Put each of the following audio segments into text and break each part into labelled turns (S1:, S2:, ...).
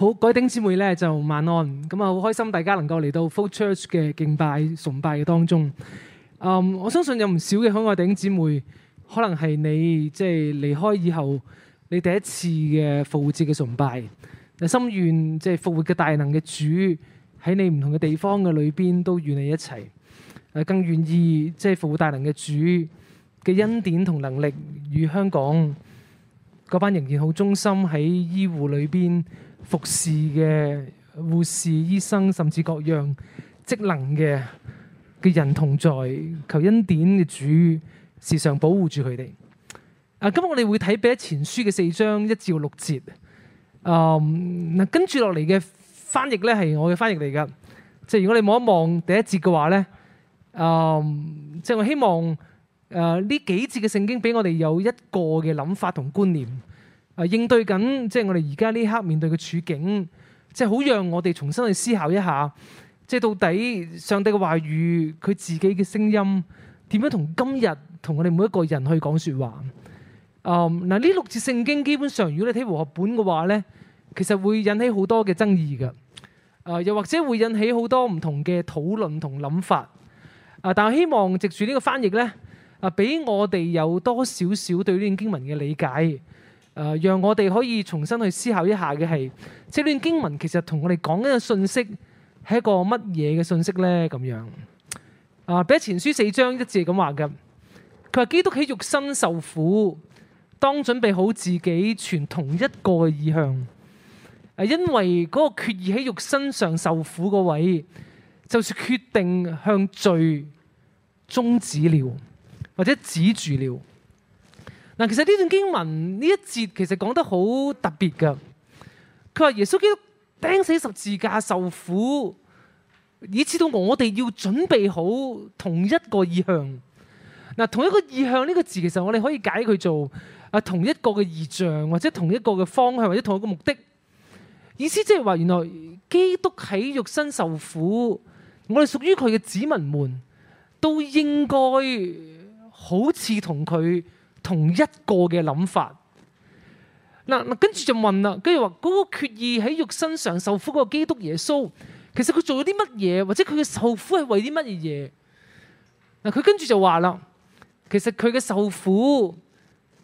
S1: 好，各位弟兄姊妹咧就晚安，咁啊好開心大家能夠嚟到 flow church 嘅敬拜崇拜嘅當中，嗯，我相信有唔少嘅香港弟兄姊妹，可能係你即係離開以後，你第一次嘅復活節嘅崇拜，心願即係復活嘅大能嘅主喺你唔同嘅地方嘅裏邊都與你一齊，更願意即係、就是、復活大能嘅主嘅恩典同能力與香港嗰班仍然好忠心喺醫護裏邊，服侍嘅護士、醫生，甚至各樣職能嘅嘅人同在，求恩典嘅主時常保護住佢哋。啊，今日我哋會睇《彼得前書》嘅四章一至六節。嗯，跟住落嚟嘅翻譯咧，係我嘅翻譯嚟噶。即係如果你望一望第一節嘅話咧，嗯，即係我希望誒呢、呃、幾節嘅聖經俾我哋有一個嘅諗法同觀念。啊！應對緊，即係我哋而家呢刻面對嘅處境，即係好讓我哋重新去思考一下，即係到底上帝嘅話語，佢自己嘅聲音點樣同今日同我哋每一個人去講説話。嗯，嗱呢六節聖經基本上，如果你睇和合本嘅話呢，其實會引起好多嘅爭議嘅。啊、呃，又或者會引起好多唔同嘅討論同諗法。啊、呃，但係希望藉住呢個翻譯呢，啊、呃，俾我哋有多少少對呢段經文嘅理解。誒，讓我哋可以重新去思考一下嘅係，這段經文其實同我哋講嘅信息係一個乜嘢嘅信息呢？咁樣啊，彼前書四章一節咁話嘅，佢話基督喺肉身受苦，當準備好自己傳同一個意向，因為嗰個決意喺肉身上受苦嗰位，就是決定向罪終止了，或者止住了。嗱，其實呢段經文呢一節其實講得好特別㗎。佢話耶穌基督釘死十字架受苦，以至到我哋要準備好同一個意向。嗱，同一個意向呢個字其實我哋可以解佢做啊同一個嘅意象，或者同一個嘅方向，或者同一個目的。意思即係話原來基督喺肉身受苦，我哋屬於佢嘅子民們都應該好似同佢同一個嘅諗法，嗱，跟住就問啦，跟住話嗰個決意喺肉身上受苦嗰個基督耶穌，其實佢做咗啲乜嘢，或者佢嘅受苦係為啲乜嘢？嗱，佢跟住就話啦，其實佢嘅受苦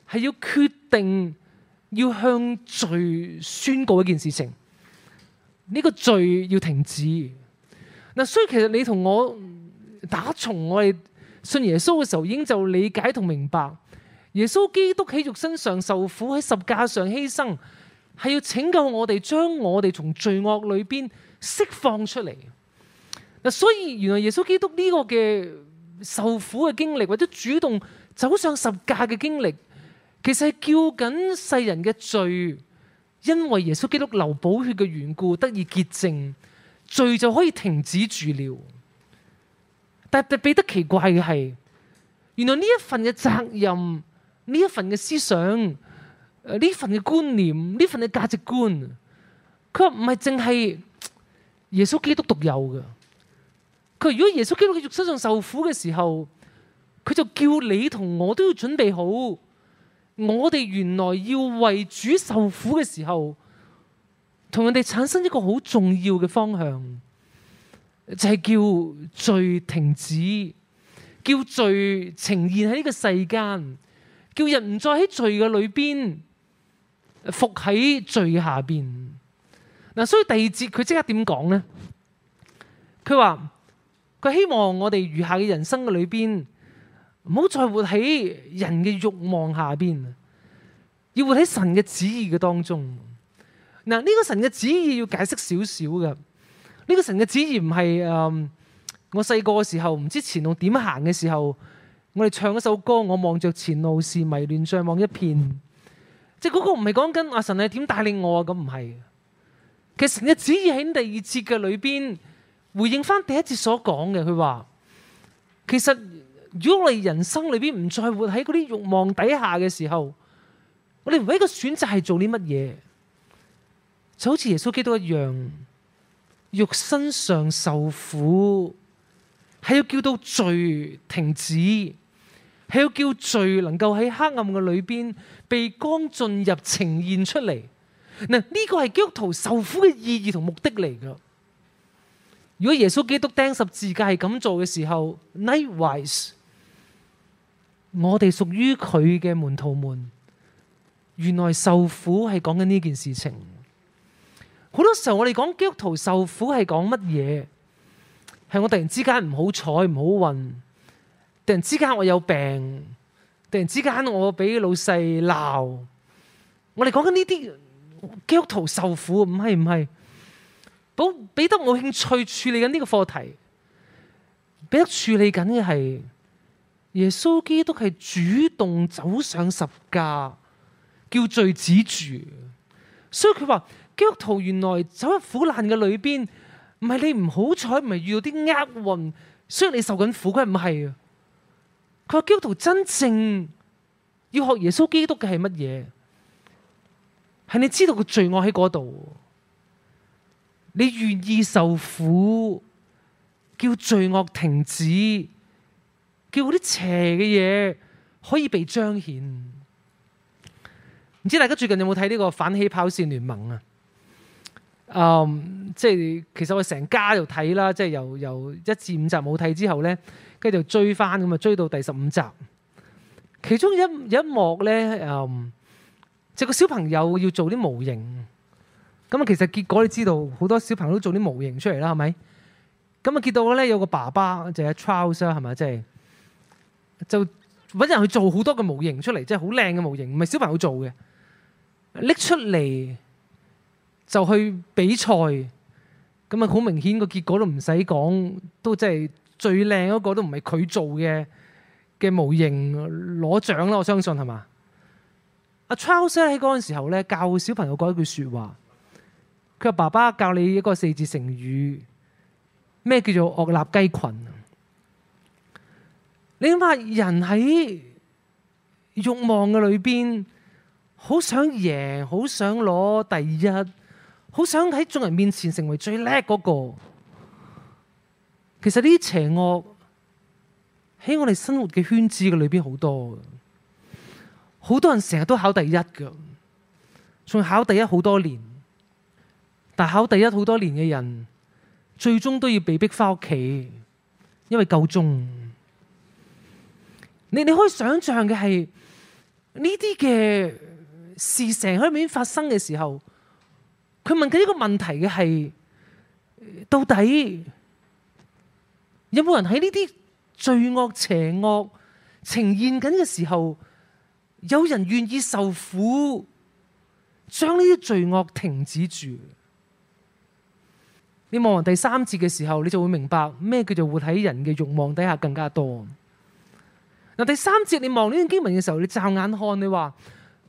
S1: 係要決定要向罪宣告一件事情，呢個罪要停止。嗱，所以其實你同我打從我哋信耶穌嘅時候，已經就理解同明白。耶穌基督喺肉身上受苦，喺十架上犧牲，係要拯救我哋，將我哋從罪惡裏邊釋放出嚟。嗱，所以原來耶穌基督呢個嘅受苦嘅經歷，或者主動走上十架嘅經歷，其實係叫緊世人嘅罪，因為耶穌基督流寶血嘅緣故得以潔淨，罪就可以停止住了。但係俾得奇怪嘅係，原來呢一份嘅責任。呢一份嘅思想，呢份嘅觀念，呢份嘅價值觀，佢話唔係淨係耶穌基督獨有嘅。佢如果耶穌基督喺肉身上受苦嘅時候，佢就叫你同我都要準備好。我哋原來要為主受苦嘅時候，同人哋產生一個好重要嘅方向，就係、是、叫罪停止，叫罪呈現喺呢個世間，叫人唔再喺罪嘅裏邊，伏喺罪下邊。嗱、啊，所以第二節佢即刻點講咧？佢話佢希望我哋餘下嘅人生嘅裏邊，唔好再活喺人嘅慾望下邊，要活喺神嘅旨意嘅當中。嗱、啊，呢、這個神嘅旨意要解釋少少嘅，呢、這個神嘅旨意唔係誒，我細個嘅時候唔知前路點行嘅時候。我哋唱一首歌，我望着前路是迷亂，再望一片，即係嗰個唔係講緊阿神係點帶領我啊，咁唔係。其實神嘅旨意喺第二節嘅裏邊回應翻第一節所講嘅，佢話其實如果我哋人生裏邊唔再活喺嗰啲慾望底下嘅時候，我哋唯一嘅選擇係做啲乜嘢？就好似耶穌基督一樣，肉身上受苦，係要叫到罪停止。係要叫罪能夠喺黑暗嘅裏面被光進入呈現出嚟。嗱，呢個係基督徒受苦嘅意義同目的嚟噶。如果耶穌基督釘十字架係咁做嘅時候 likewise，我哋屬於佢嘅門徒們。原來受苦係講緊呢件事情。好多時候我哋講基督徒受苦係講乜嘢？係我突然之間唔好彩唔好運。突然之間我有病，突然之間我俾老細鬧，我哋講緊呢啲基督徒受苦，唔係唔係？保彼得冇興趣處理緊呢個課題，俾得處理緊嘅係耶穌基督係主動走上十架，叫罪止住。所以佢話基督徒原來走喺苦難嘅裏邊，唔係你唔好彩，唔係遇到啲厄運，所以你受緊苦，佢唔係。佢話：基督徒真正要學耶穌基督嘅係乜嘢？係你知道個罪惡喺嗰度，你願意受苦，叫罪惡停止，叫啲邪嘅嘢可以被彰顯。唔知大家最近有冇睇呢個反起跑線聯盟啊？嗯，即係其實我成家又睇啦，即係由由一至五集冇睇之後咧。跟住就追翻咁啊，追到第十五集，其中一有一幕咧，嗯，就是、個小朋友要做啲模型。咁、嗯、啊，其實結果你知道，好多小朋友都做啲模型出嚟啦，係咪？咁、嗯、啊，見到咧有個爸爸就係、是、Charles 啦，係、就、咪、是？即係就搵人去做好多個模型出嚟，即係好靚嘅模型，唔係小朋友做嘅，拎出嚟就去比賽。咁、嗯、啊，好明顯個結果都唔使講，都即、就、係、是。最靚嗰個都唔係佢做嘅嘅模型攞獎啦，我相信係嘛？阿 Charles 喺嗰陣時候咧教小朋友講一句説話，佢話：爸爸教你一個四字成語，咩叫做鶴立雞群？你諗下，人喺欲望嘅裏邊，好想贏，好想攞第一，好想喺眾人面前成為最叻嗰個。其實呢啲邪惡喺我哋生活嘅圈子嘅裏邊好多，好多人成日都考第一嘅，仲考第一好多年，但考第一好多年嘅人，最終都要被逼翻屋企，因為夠鐘。你你可以想象嘅係呢啲嘅事成日喺裏面發生嘅時候，佢問緊一個問題嘅係，到底？有冇人喺呢啲罪惡、邪惡呈現緊嘅時候，有人願意受苦，將呢啲罪惡停止住？你望完第三節嘅時候，你就會明白咩叫做活喺人嘅慾望底下更加多。嗱，第三節你望呢段經文嘅時候，你驟眼看，你話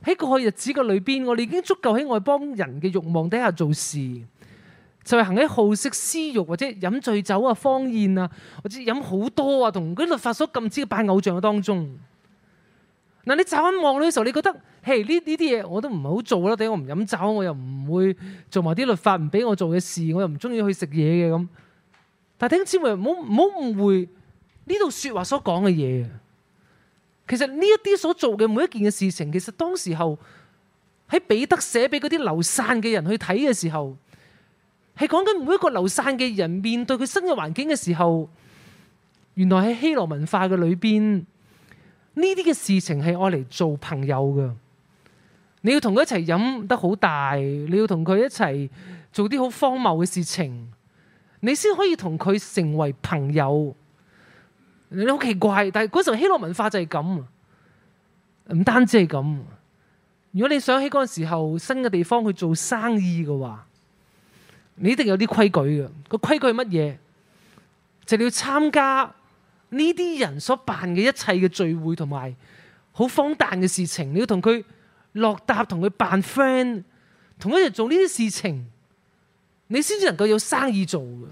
S1: 喺過去日子嘅裏邊，我哋已經足夠喺外邦人嘅慾望底下做事。就係行喺好色、私欲或者飲醉酒啊、荒宴啊，或者飲好多啊，同嗰啲律法所禁止嘅拜偶像嘅當中。嗱，你擸眼一望到嘅時候，你覺得，嘿，呢呢啲嘢我都唔係好做啦，等我唔飲酒，我又唔會做埋啲律法唔俾我做嘅事，我又唔中意去食嘢嘅咁。但係聽姊妹唔好唔好誤會呢度説話所講嘅嘢。其實呢一啲所做嘅每一件嘅事情，其實當時候喺彼得寫俾嗰啲流散嘅人去睇嘅時候。係講緊每一個流散嘅人面對佢新嘅環境嘅時候，原來喺希羅文化嘅裏邊，呢啲嘅事情係愛嚟做朋友嘅。你要同佢一齊飲得好大，你要同佢一齊做啲好荒謬嘅事情，你先可以同佢成為朋友。你好奇怪，但係嗰陣希羅文化就係咁。唔單止係咁，如果你想喺嗰陣時候新嘅地方去做生意嘅話。你一定有啲規矩嘅，個規矩係乜嘢？就係你要參加呢啲人所辦嘅一切嘅聚會同埋好荒誕嘅事情，你要同佢落搭，同佢扮 friend，同一齊做呢啲事情，你先至能夠有生意做嘅。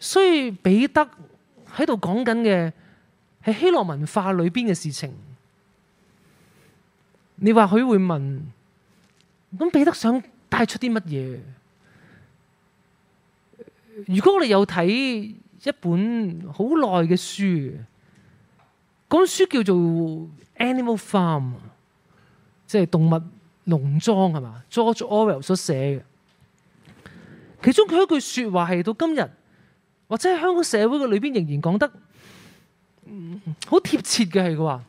S1: 所以彼得喺度講緊嘅係希羅文化裏邊嘅事情。你話佢會問：咁彼得想？帶出啲乜嘢？如果我哋有睇一本好耐嘅書，嗰本書叫做《Animal Farm》，即係動物農莊，係嘛？George Orwell 所寫嘅，其中佢一句說話係到今日，或者喺香港社會嘅裏邊仍然講得好嗯、貼切嘅係佢話，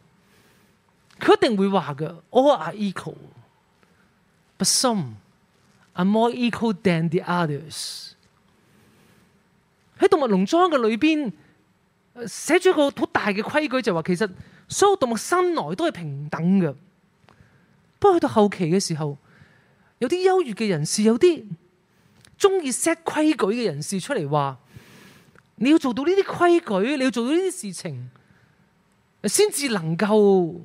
S1: 佢一定會話嘅：All are equal，but some I'm more equal than the others。喺動物農莊嘅裏邊，寫咗一個好大嘅規矩，就話、是、其實所有動物生來都係平等嘅。不過去到後期嘅時候，有啲優越嘅人士，有啲中意 set 規矩嘅人士出嚟話：你要做到呢啲規矩，你要做到呢啲事情，先至能夠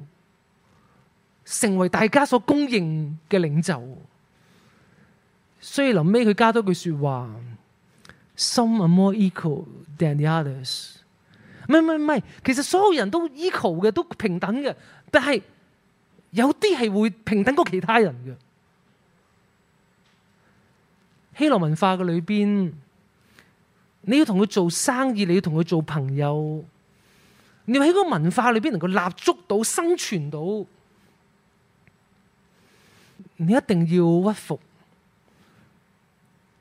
S1: 成為大家所公認嘅領袖。所以臨尾佢加多句說話：some are more equal than the others。唔係，唔係，唔係，其實所有人都 equal 嘅，都平等嘅。但係有啲係會平等過其他人嘅。希羅文化嘅裏邊，你要同佢做生意，你要同佢做朋友，你要喺個文化裏邊能夠立足到生存到，你一定要屈服。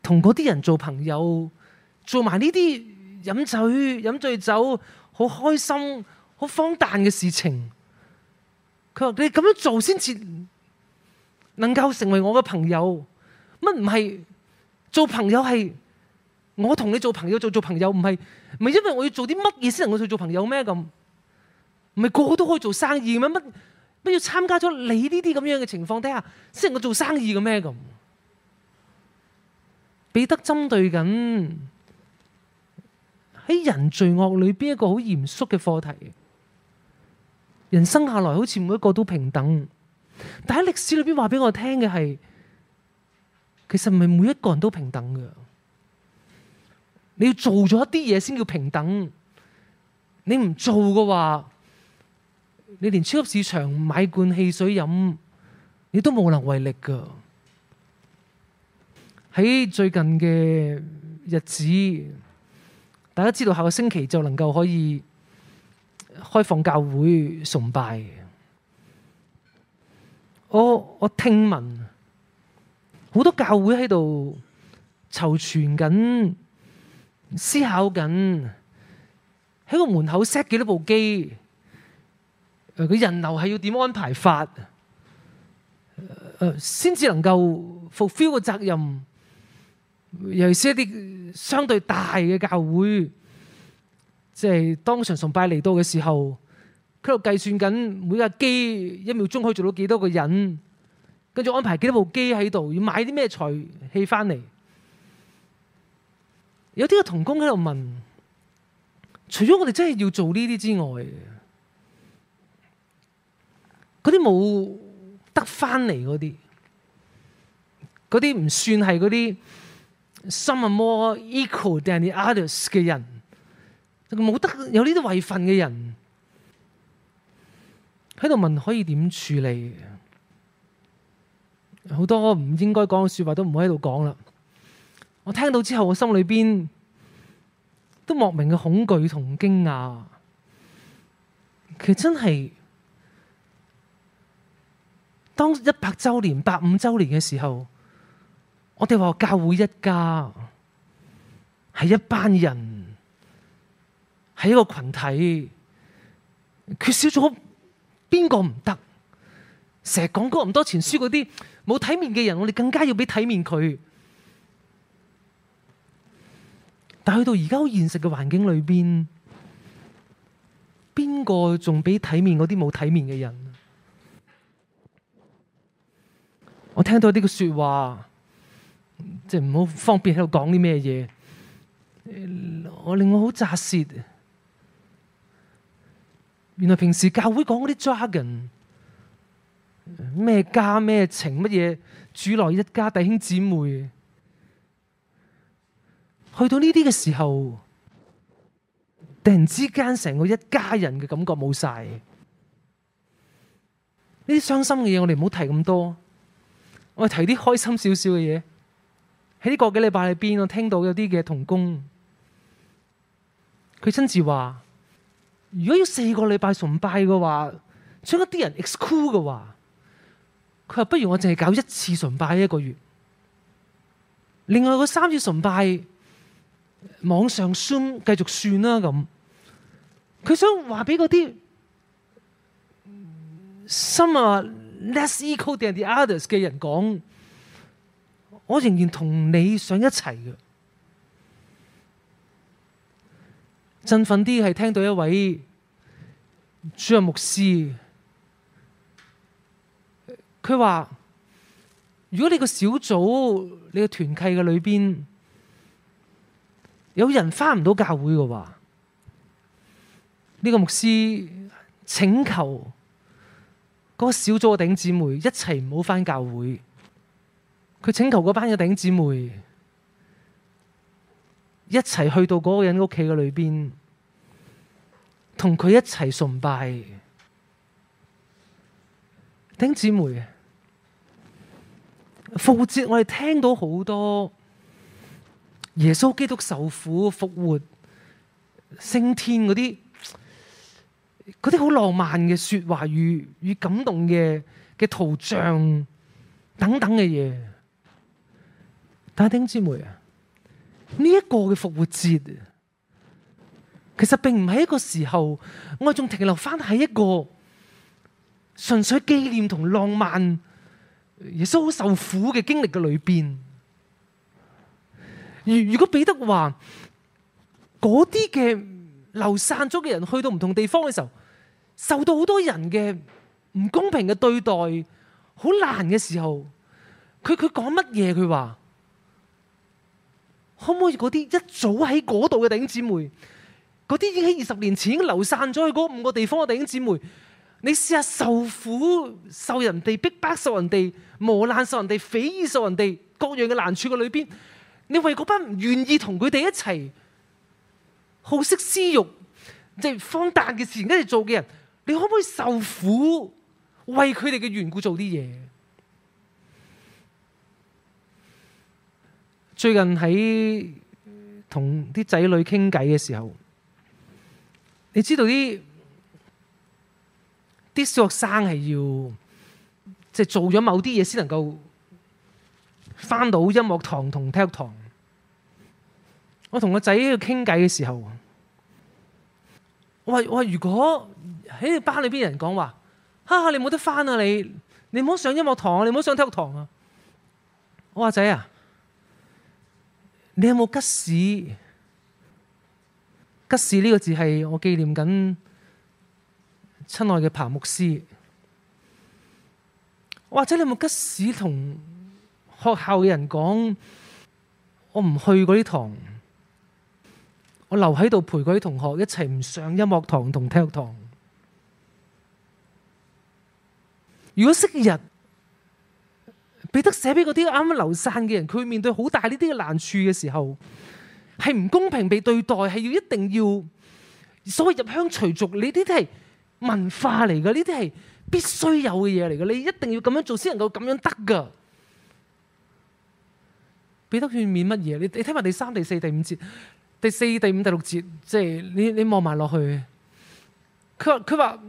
S1: 同嗰啲人做朋友，做埋呢啲飲醉飲醉酒，好開心、好荒誕嘅事情。佢話：你咁樣做先至能夠成為我嘅朋友，乜唔係做朋友係我同你做朋友做做朋友，唔係唔係因為我要做啲乜嘢先能夠做做朋友咩咁？唔係個個都可以做生意嘅咩？乜乜要參加咗你呢啲咁樣嘅情況底下，先能夠做生意嘅咩咁？彼得針對緊喺人罪惡裏邊一個好嚴肅嘅課題。人生下來好似每一個都平等，但喺歷史裏邊話俾我聽嘅係，其實唔係每一個人都平等噶。你要做咗一啲嘢先叫平等，你唔做嘅話，你連超級市場買罐汽水飲，你都無能為力噶。喺最近嘅日子，大家知道下個星期就能夠可以開放教會崇拜。我我聽聞，好多教會喺度籌存緊、思考緊，喺個門口 set 幾多部機，誒，佢人流係要點安排法，呃、先至能夠 fulfill 個責任。尤其是一啲相對大嘅教會，即係當場崇拜嚟到嘅時候，佢喺度計算緊每架機一秒鐘可以做到幾多個人，跟住安排幾多部機喺度，要買啲咩材器翻嚟。有啲個同工喺度問，除咗我哋真係要做呢啲之外，嗰啲冇得翻嚟嗰啲，嗰啲唔算係嗰啲。Some are，more equal than the others 嘅人，冇得有呢啲位份嘅人喺度問，可以點處理？好多唔應該講嘅說話都唔可以喺度講啦。我聽到之後我心裏邊都莫名嘅恐懼同驚訝，其實真係，當一百周年、百五周年嘅時候。我哋話教會一家係一班人，係一個群體，缺少咗邊個唔得？成日講哥林多前書嗰啲冇體面嘅人，我哋更加要俾體面佢。但去到而家好現實嘅環境裏邊，邊個仲俾體面嗰啲冇體面嘅人？我聽到呢個說話。即係唔好方便喺度講啲咩嘢，我令我好咋舌。原來平時教會講嗰啲 jargon，咩家咩情乜嘢，主內一家弟兄姊妹，去到呢啲嘅時候，突然之間成個一家人嘅感覺冇晒。呢啲傷心嘅嘢我哋唔好提咁多，我哋提啲開心少少嘅嘢。喺呢個幾個禮拜裏邊，我聽到有啲嘅童工，佢親自話：如果要四個禮拜崇拜嘅話，將一啲人 exclude 嘅話，佢話，不如我淨係搞一次崇拜一個月，另外嗰三次崇拜網上 Zoom 繼續算啦咁。佢想話俾嗰啲 some are less equal than the others 嘅人講。我仍然同你想一齊嘅。振奮啲係聽到一位主任牧師，佢話：如果你個小組、你個團契嘅裏面有人返唔到教會嘅話，呢個牧師請求嗰個小組嘅頂姊妹一齊唔好返教會。佢請求嗰班嘅頂姊妹一齊去到嗰個人屋企嘅裏邊，同佢一齊崇拜頂姊妹。復活節我哋聽到好多耶穌基督受苦復活升天嗰啲，啲好浪漫嘅説話與與感動嘅嘅圖像等等嘅嘢。但係丁枝梅啊，呢、這、一個嘅復活節，其實並唔係一個時候，我仲停留翻喺一個純粹紀念同浪漫耶穌好受苦嘅經歷嘅裏邊。如如果彼得話嗰啲嘅流散咗嘅人去到唔同地方嘅時候，受到好多人嘅唔公平嘅對待，好難嘅時候，佢佢講乜嘢？佢話：可唔可以嗰啲一早喺嗰度嘅弟兄姊妹，嗰啲已經喺二十年前已經流散咗去嗰五個地方嘅弟兄姊妹，你試下受苦、受人哋逼迫，迫、受人哋磨難、受人哋非議、受人哋各樣嘅難處嘅裏邊，你為嗰班唔願意同佢哋一齊好色私慾，即係放蕩嘅事跟住做嘅人，你可唔可以受苦為佢哋嘅緣故做啲嘢？最近喺同啲仔女傾偈嘅時候，你知道啲啲小學生係要即係做咗某啲嘢先能夠返到音樂堂同體育堂。我同個仔喺度傾偈嘅時候，我話我話：如果喺班裏邊人講話，嚇你冇得返啊！你你唔好上音樂堂啊！你唔好上體育堂啊！我話仔啊！你有冇吉士？吉士呢個字係我紀念緊親愛嘅彭牧師，或者你有冇吉士同學校嘅人講，我唔去嗰啲堂，我留喺度陪嗰啲同學一齊唔上音樂堂同體育堂。如果昔日，彼得寫俾嗰啲啱啱流散嘅人，佢面對好大呢啲嘅難處嘅時候，係唔公平被對待，係要一定要所謂入鄉隨俗，你呢啲係文化嚟㗎，呢啲係必須有嘅嘢嚟㗎，你一定要咁樣做先能夠咁樣得㗎。彼得勸勉乜嘢？你你聽下第三、第四、第五節，第四、第五、第六節，即係你你望埋落去，佢話佢話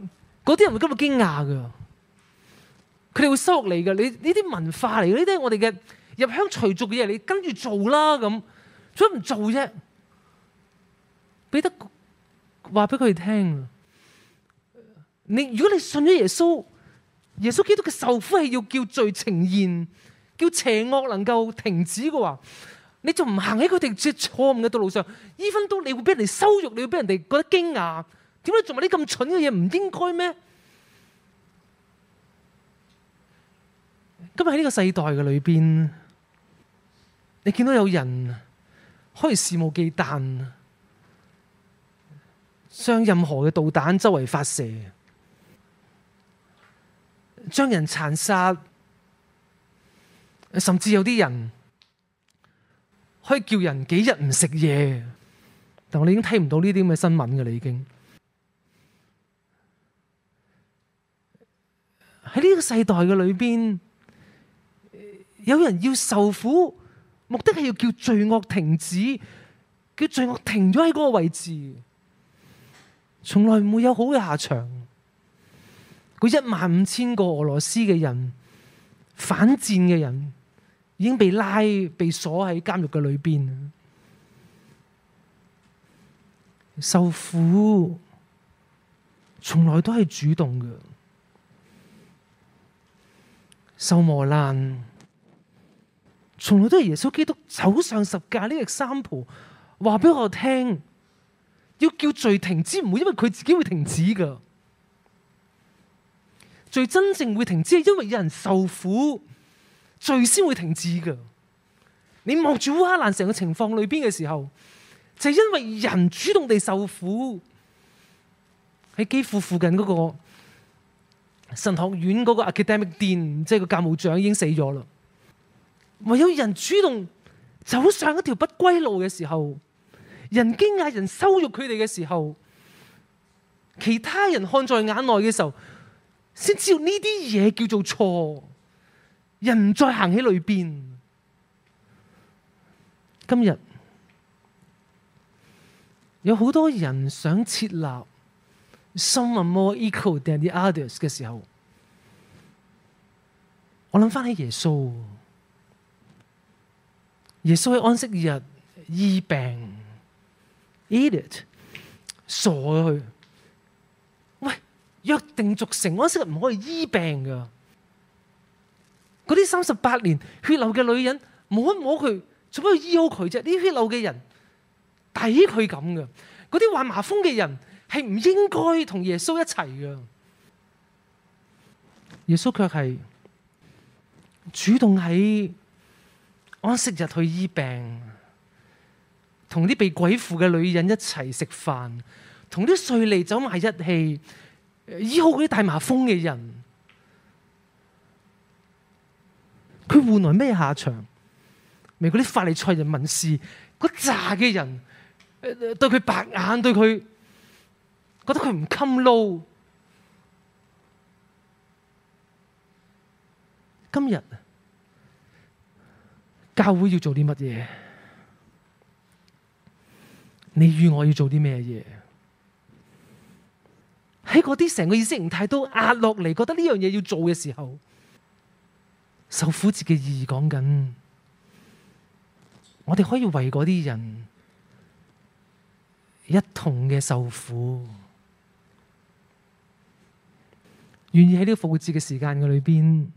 S1: 嗰啲人會今日驚訝㗎。佢哋會收穫你嘅，你呢啲文化嚟，呢啲係我哋嘅入鄉隨俗嘅嘢，你跟住做啦咁，做乜唔做啫？俾得話俾佢哋聽，你如果你信咗耶穌，耶穌基督嘅受苦係要叫罪呈現，叫邪惡能夠停止嘅話，你就唔行喺佢哋即錯誤嘅道路上。依分都你會俾人哋羞辱，你會俾人哋覺得驚訝。點解你做埋啲咁蠢嘅嘢唔應該咩？今日喺呢個世代嘅裏邊，你見到有人可以肆無忌憚，將任何嘅導彈周圍發射，將人殘殺，甚至有啲人可以叫人幾日唔食嘢。但我哋已經睇唔到呢啲咁嘅新聞嘅啦，已經喺呢個世代嘅裏邊。有人要受苦，目的係要叫罪惡停止，叫罪惡停咗喺嗰個位置。從來唔會有好嘅下場。嗰一萬五千個俄羅斯嘅人反戰嘅人，已經被拉、被鎖喺監獄嘅裏邊，受苦。從來都係主動嘅，受磨難。從來都係耶穌基督走上十架呢個例子，話俾我聽，要叫罪停止唔會，因為佢自己會停止噶。罪真正會停止係因為有人受苦，罪先會停止噶。你望住烏克蘭成個嘅情況裏邊嘅時候，就係因為人主動地受苦。喺基輔附近嗰個神學院嗰個 academic Dean，即係個教務長已經死咗啦。唯有人主動走上一條不歸路嘅時候，人驚訝、人羞辱佢哋嘅時候，其他人看在眼內嘅時候，先知道呢啲嘢叫做錯。人唔再行喺裏邊。今日有好多人想設立，some are more equal than the others 嘅時候，我諗翻起耶穌。耶穌喺安息日醫病，eat it, 傻咗佢。喂，約定俗成安息日唔可以醫病噶嗰啲三十八年血流嘅女人，摸一摸佢，做乜要醫好佢啫？啲血流嘅人抵佢咁噶嗰啲患麻風嘅人係唔應該同耶穌一齊噶耶穌卻係主動喺。安息日去醫病，同啲被鬼附嘅女人一齊食飯，同啲稅吏走埋一齊，醫好嗰啲大麻風嘅人，佢換來咩下場？咪嗰啲法利賽人文士，嗰詐嘅人，對佢白眼，對佢覺得佢唔襟撈。今日。教會要做啲乜嘢？你與我要做啲咩嘢？喺嗰啲成個意識形態都壓落嚟，覺得呢樣嘢要做嘅時候，受苦節嘅意義講緊，我哋可以為嗰啲人一同嘅受苦，願意喺呢個復活節嘅時間嘅裏邊，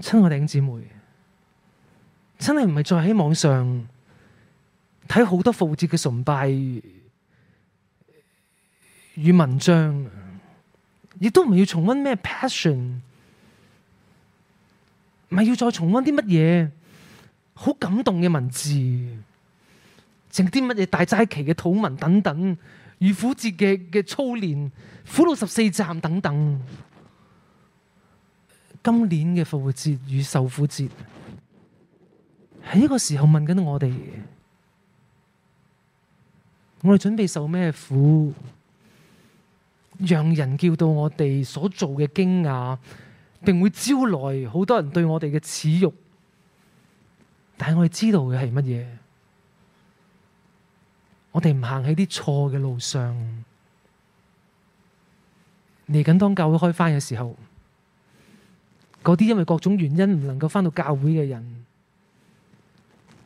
S1: 親我哋嘅兄姊妹。真係唔係再喺網上睇好多復活節嘅崇拜與文章，亦都唔係要重温咩 passion，唔係要再重温啲乜嘢好感動嘅文字，整啲乜嘢大齋期嘅禱文等等，與苦節嘅嘅操練苦路十四站等等，今年嘅復活節與受苦節。喺呢個時候問緊我哋，我哋準備受咩苦？讓人叫到我哋所做嘅驚訝，並會招來好多人對我哋嘅恥辱。但係我哋知道嘅係乜嘢？我哋唔行喺啲錯嘅路上。嚟緊當教會開翻嘅時候，嗰啲因為各種原因唔能夠翻到教會嘅人。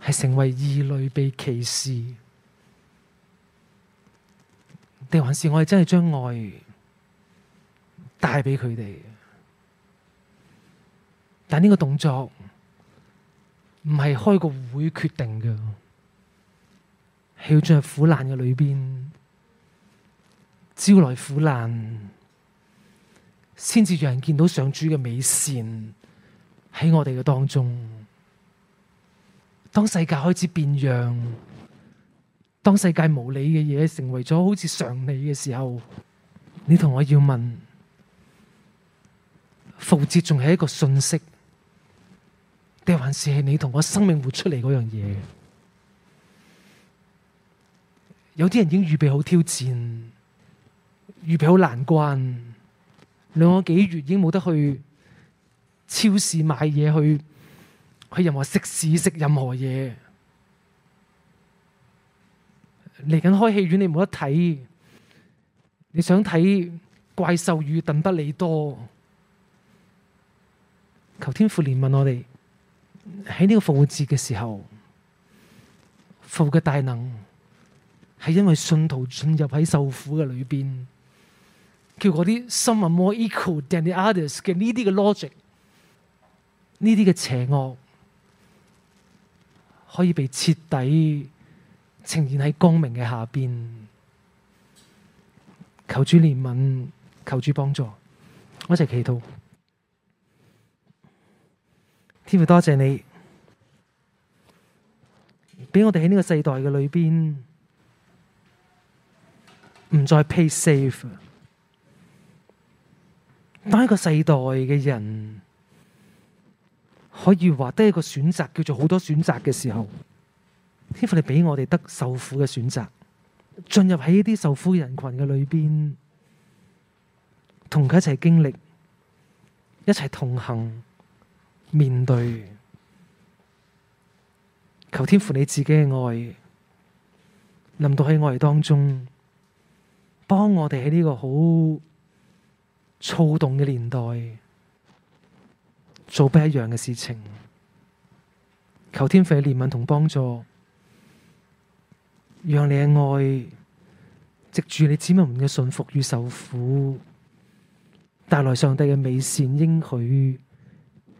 S1: 係成為異類被歧視，定還是我哋真係將愛帶畀佢哋？但呢個動作唔係開個會決定嘅，係要進入苦難嘅裏邊，招來苦難，先至讓人見到上主嘅美善喺我哋嘅當中。當世界開始變樣，當世界無理嘅嘢成為咗好似常理嘅時候，你同我要問，復活節仲係一個訊息，定還是係你同我生命活出嚟嗰樣嘢？有啲人已經預備好挑戰，預備好難關。兩個幾月已經冇得去超市買嘢去。喺任何食肆食任何嘢，嚟緊開戲院你冇得睇，你想睇怪獸與鄧不利多，求天父憐憫我哋喺呢個復活節嘅時候，復活嘅大能係因為信徒進入喺受苦嘅裏邊，叫嗰啲 some are more equal than the others 嘅呢啲嘅 logic，呢啲嘅邪惡。可以被徹底呈現喺光明嘅下邊，求主憐憫，求主幫助，我一齊祈禱。天父多謝你，俾我哋喺呢個世代嘅裏邊，唔再 pay safe，當一個世代嘅人。可以話得一個選擇，叫做好多選擇嘅時候，天父你俾我哋得受苦嘅選擇，進入喺呢啲受苦人群嘅裏邊，同佢一齊經歷，一齊同行，面對，求天父你自己嘅愛，臨到喺愛當中，幫我哋喺呢個好躁動嘅年代。做不一樣嘅事情，求天父憐憫同幫助，讓你嘅愛藉住你子民們嘅信服與受苦，帶來上帝嘅美善應許，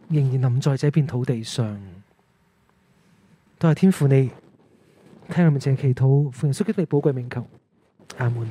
S1: 仍然臨在這片土地上。多謝天父你聽下面靜祈禱，奉耶穌基督嘅寶貴名求，阿門。